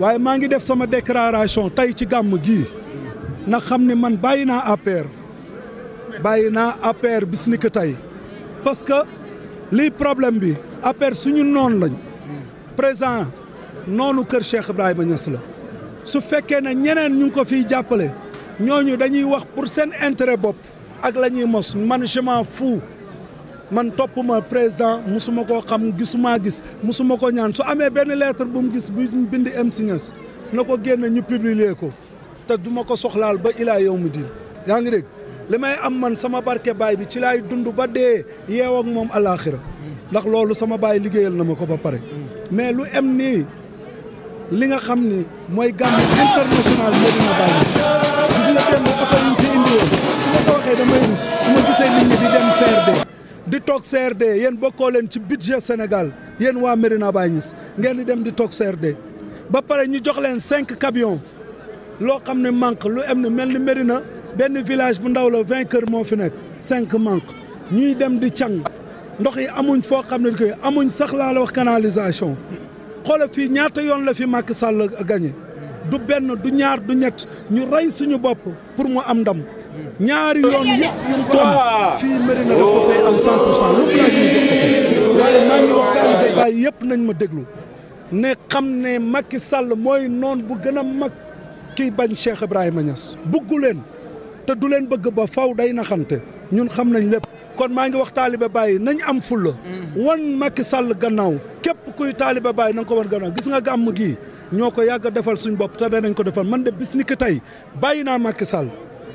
waaye maa ngi def sama déclaration tey ci gàmm gii na xam ne man bàyyi naa APR bàyyi naa APR bis tey parce que lii problème bi APR suñu noonu lañ présent noonu kër Cheikh Ibrahima ñas la su fekkee ne ñeneen ñu ngi ko fiy jàppale ñooñu dañuy wax pour seen intérêt bopp ak la ñuy mos man je m'en man topp ma président ma koo xam gisu maa gis musuma ko ñaan su amee benn lettre bu mu gis bu bind MC Niass na ko génne ñu publier ko te duma ko soxlaal ba ilaa yow mu diin yaa ngi dégg li may am man sama barke baay bi ci laay dund ba dee yeew moom alaaxira ndax loolu sama baay liggéeyal na ma ko ba pare mais lu em nii li nga xam ni mooy gàmmu international moo dina bàyyi gis nga dem oto yi ñu fi su ma ko damay rus su ma di toog CRD yéen bokkoo leen ci budget Sénégal yéen waa Médina Baye Niass ngeen di dem di toog CRD ba pare ñu jox leen cinq camions loo xam ne manque lu am ne mel ni Médina benn village bu ndaw la vingt kër moo fi nekk cinq manque ñuy dem di càng ndox yi amuñ foo xam ne koy amuñ sax laa la wax canalisation xoola fii ñaata yoon la fi Macky Sall gagné du benn du ñaar du ñett ñu rey suñu bopp pour mu am ndam ñaari yoon yépp yu ko am fii Médina daf ko fay am cent pour cent lu laaj waaye maa ngi wax débat yëpp nañ ma déglu ne xam ne makki sàll mooy noon bu gën a mag kiy bañ Cheikh Ibrahima Niass buggu leen te du leen bëgg ba faw day naxante ñun xam nañ lépp kon maa ngi wax taaliba bàyyi nañ am fulla mm. wan Macky sàll gannaaw képp kuy taaliba bàyyi na nga ko wan gannaaw gis nga gàmm gii ñoo ko yàgg defal suñu bopp te danañ ko defal man de bis ni ki tey bàyyi naa Macky Sall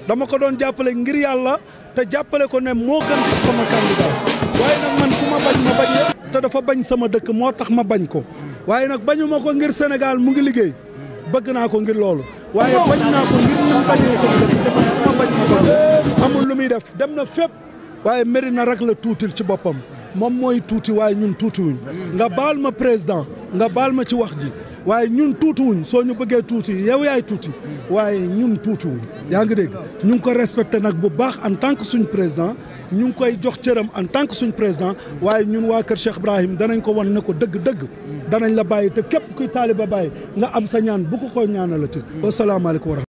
dama ko doon jàppale ngir yàlla te jàppale ko ne moo gën sama candidat waaye nag man ku ma bañ ma bañ te dafa bañ sama dëkk moo tax ma bañ ko waaye nag bañuma ko ngir Sénégal mu ngi liggéey bëgg naa ko ngir loolu waaye bañ naa ko ngir ñu bañee sama dëkk te ku ma bañ ma bañ amul lu muy def dem na fépp waaye mari na rek la tuutil ci boppam moom mooy tuuti waaye ñun tuutiwuñ nga baal ma président nga baal ma ci wax ji waaye ñun tuuti tuutiwuñ soo ñu bëggee tuuti yow yaay tuuti waaye ñun tuuti tuutiwuñ yaa ngi dégg ñu ngi ko respecté nag bu baax en tant que suñ président ñu ngi koy jox cëram en tant que suñ président waaye ñun waa kër Cheikh Ibrahim danañ ko wan ne ko dëgg-dëgg danañ la bàyyi te képp kuy taaliba bàyyi nga am sa ñaan bu ko ko ñaanalati wasalaamaaleykum wa